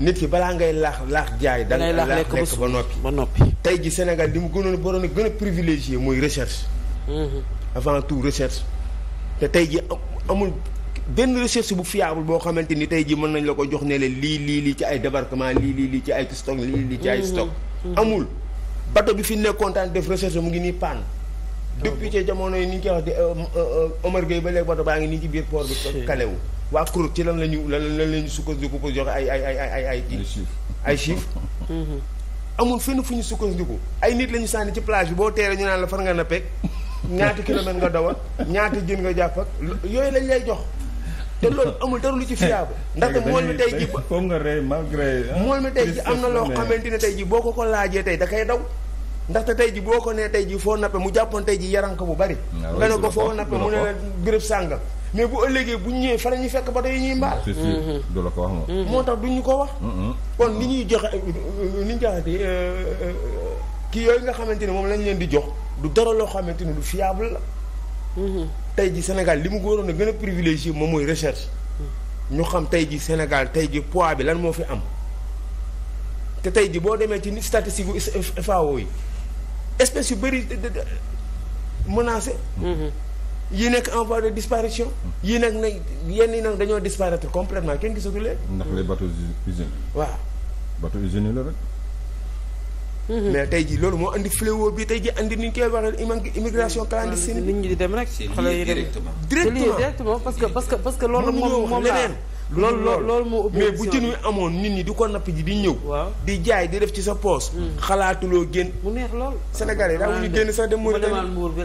nit ki balaa ngay laax laax jaay. da ngay laax lekk ba ba noppi. tey ji Sénégal di mu gënoon boroon a gën a privilégié mooy recherche. Mhm. avant tout recherche. te tey ji amul benn recherche bu fiable boo xamante ni tey ji mën nañ la ko jox ne lii lii lii ci ay débarquement lii lii lii ci ay stock lii lii ci ay mhm. stock. Mhm. amul bato bi fi nekkoon daan def recherche mu ngi nii panne. Ah depuis ca jamono yi ni ñu koy wax di euh, euh, euh, Omar Gueye ba léegi bato baa ngi nii ci biir port waa CROC ci lan la ñu lan lan la ñu sukkandiku pour joxe ay ay ay ay ay ay chiffres mhm. amul fenn fu sukkandiku ay nit la ñu sànni ci plage bi boo teeree ñu naan la far nga nappeek ñaata kilomètre nga dawal ñaata jën nga jàpp yooyu lañ lay jox te loolu amul dara lu ci fiable ndaxte mool mi tey ji foog nga rey malgré mool mi tey ji am na loo xamante dina tey ji boo ko ko laajee tey da kay daw ndaxte tey ji boo ko nee tey ji foo nappe mu jàppoon tey ji ko bu bari ah nga ko foo nappe mu ne la sànga mais bu ëllëgee bu ñu ñëwee fa la ñuy fekk ba tey ñuy mbaal. c'est sûr mm-hmm. du la ko wax mm-hmm. moo tax duñu ko wax. Mm-hmm. kon ni ñuy joxe ni ñu joxati euh, euh, kii yooyu nga xamante ne moom lañ leen di jox du dara loo xamante ne du fiable la. tey ji Sénégal li mu waroon a gën a privilégié moom mooy recherche. ñu xam tey ji Sénégal tey ji poids bi lan moo fi am. te tey ji boo demee ci statistique gu FAO yi espèce yu bëri menacé. yi nekk en de disparition yi nag na yenn yi nag dañoo disparaître complètement kenn gisatu leen ndax waaw bateaux usines la rek mhm. mais tey jii loolu moo indi fléau bi tey jii andi ni ñu koy waxee immigration clandestine nit ñi dem rek xale yi directement directement parce que parce que parce que loolu amoon nit ñi di ko napp ji di ñëw di jaay di ci sa poos mhm. xalaatuloo génn mu neex lool Sénégal yi daa wuñu génn sax dem Mauritanie